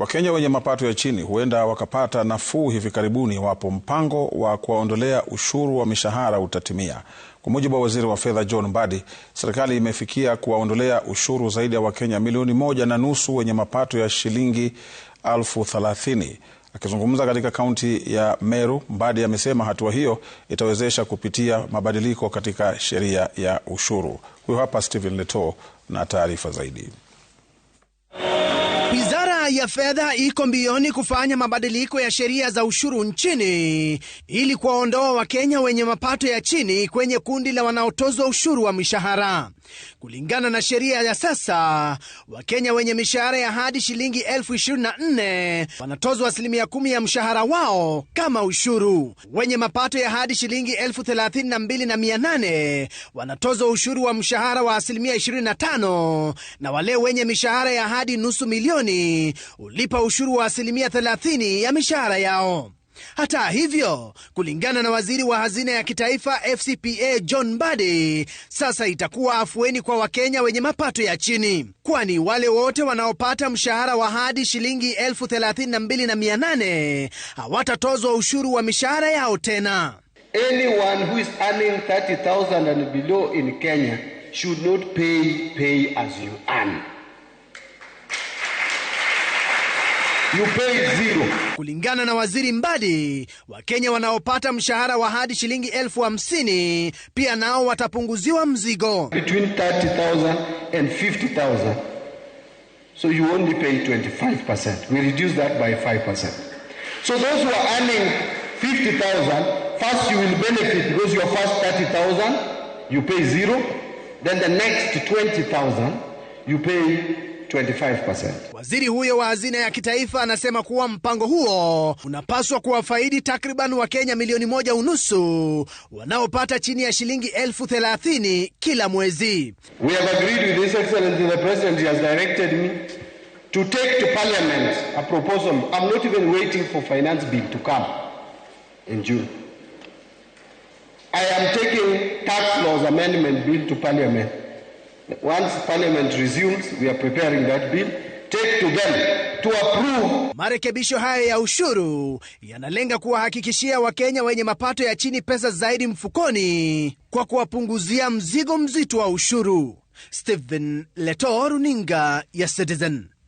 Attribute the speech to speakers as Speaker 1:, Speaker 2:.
Speaker 1: Wakenya wenye mapato ya chini huenda wakapata nafuu hivi karibuni iwapo mpango wa kuwaondolea ushuru wa mishahara utatimia. Kwa mujibu wa waziri wa fedha John Mbadi, serikali imefikia kuwaondolea ushuru zaidi ya Wakenya milioni moja na nusu wenye mapato ya shilingi elfu thelathini. Akizungumza katika kaunti ya Meru, Mbadi amesema hatua hiyo itawezesha kupitia mabadiliko katika sheria ya ushuru. Huyo hapa Stephen Leto na taarifa zaidi
Speaker 2: ya fedha iko mbioni kufanya mabadiliko ya sheria za ushuru nchini ili kuwaondoa Wakenya wenye mapato ya chini kwenye kundi la wanaotozwa ushuru wa mishahara. Kulingana na sheria ya sasa, Wakenya wenye mishahara ya hadi shilingi elfu ishirini na nne wanatozwa asilimia kumi ya mshahara wao kama ushuru. Wenye mapato ya hadi shilingi elfu thelathini na mbili na mia nane wanatozwa ushuru wa mshahara wa asilimia 25 na wale wenye mishahara ya hadi nusu milioni ulipa ushuru wa asilimia 30 ya mishahara yao. Hata hivyo, kulingana na waziri wa hazina ya kitaifa FCPA John Mbadi, sasa itakuwa afueni kwa Wakenya wenye mapato ya chini, kwani wale wote wanaopata mshahara wa hadi shilingi elfu thelathini na mbili na mia nane hawatatozwa ushuru wa mishahara yao tena.
Speaker 3: Anyone who is earning 30,000 and below in Kenya should not pay pay as you earn. You pay zero.
Speaker 2: Kulingana na Waziri Mbadi, Wakenya wanaopata mshahara wa hadi shilingi elfu hamsini pia nao watapunguziwa mzigo.
Speaker 3: Between 30,000 and 50,000. So you only pay 25%. We reduce that by 5%. So those who are earning 50,000, first you will benefit because your first 30,000 you pay zero, then the next 20,000 you pay 25%.
Speaker 2: Waziri huyo wa hazina ya kitaifa anasema kuwa mpango huo unapaswa kuwafaidi takriban Wakenya milioni moja unusu wanaopata chini ya shilingi elfu thelathini kila mwezi.
Speaker 3: We have agreed with His Excellency the President, he has directed me to take to Parliament a proposal. I'm not even waiting for finance bill to come in June. I am taking tax laws amendment bill to Parliament. Once parliament resumes, we are preparing that bill. Take to them to approve.
Speaker 2: Marekebisho haya ya ushuru yanalenga kuwahakikishia Wakenya wenye mapato ya chini pesa zaidi mfukoni kwa kuwapunguzia mzigo mzito wa ushuru. Stephen Leto, runinga ya Citizen.